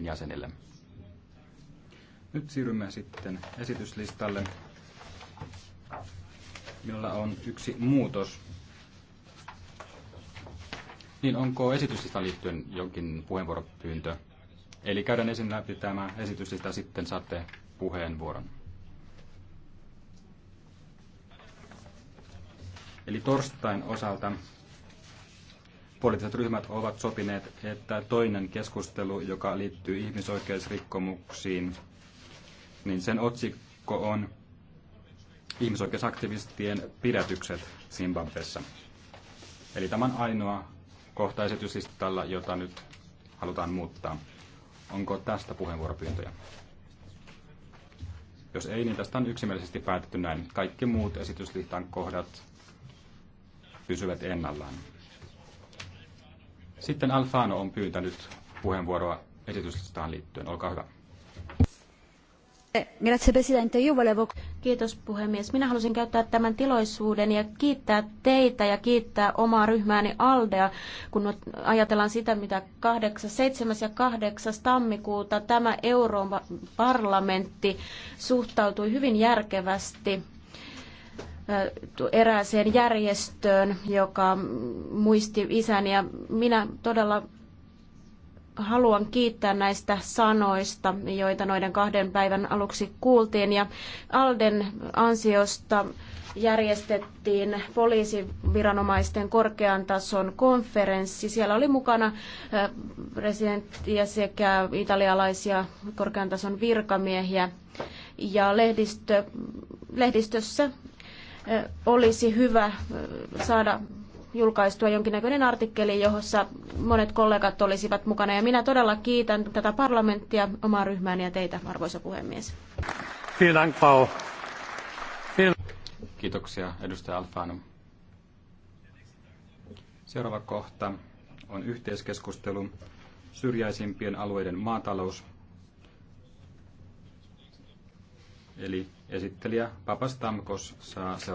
parlamentin jäsenille. Nyt siirrymme sitten esityslistalle. jolla on yksi muutos. Niin, onko esityslista liittyen jonkin puheenvuoropyyntö? Eli käydään ensin läpi tämä esityslista, sitten saatte puheenvuoron. Eli torstain osalta poliittiset ryhmät ovat sopineet, että toinen keskustelu, joka liittyy ihmisoikeusrikkomuksiin, niin sen otsikko on ihmisoikeusaktivistien pidätykset Zimbabwessa. Eli tämä on ainoa kohta esityslistalla, jota nyt halutaan muuttaa. Onko tästä puheenvuoropyyntöjä? Jos ei, niin tästä on yksimielisesti päätetty näin. Kaikki muut esityslistan kohdat pysyvät ennallaan. Sitten Alfano on pyytänyt puheenvuoroa esityslistaan liittyen. Olkaa hyvä. Eh, Kiitos puhemies. Minä halusin käyttää tämän tilaisuuden ja kiittää teitä ja kiittää omaa ryhmääni Aldea, kun ajatellaan sitä, mitä 8, 7. ja 8. tammikuuta tämä Euroopan parlamentti suhtautui hyvin järkevästi erääseen järjestöön, joka muisti isäni. Ja minä todella haluan kiittää näistä sanoista, joita noiden kahden päivän aluksi kuultiin. Ja Alden ansiosta järjestettiin poliisiviranomaisten korkean tason konferenssi. Siellä oli mukana presidenttiä sekä italialaisia korkean tason virkamiehiä. Ja lehdistö, lehdistössä olisi hyvä saada julkaistua jonkinnäköinen artikkeli, jossa monet kollegat olisivat mukana. Ja minä todella kiitän tätä parlamenttia, omaa ryhmääni ja teitä, arvoisa puhemies. Kiitoksia, edustaja Alfano. Seuraava kohta on yhteiskeskustelu syrjäisimpien alueiden maatalous. Eli esittelijä Papastamkos saa seuraavaksi.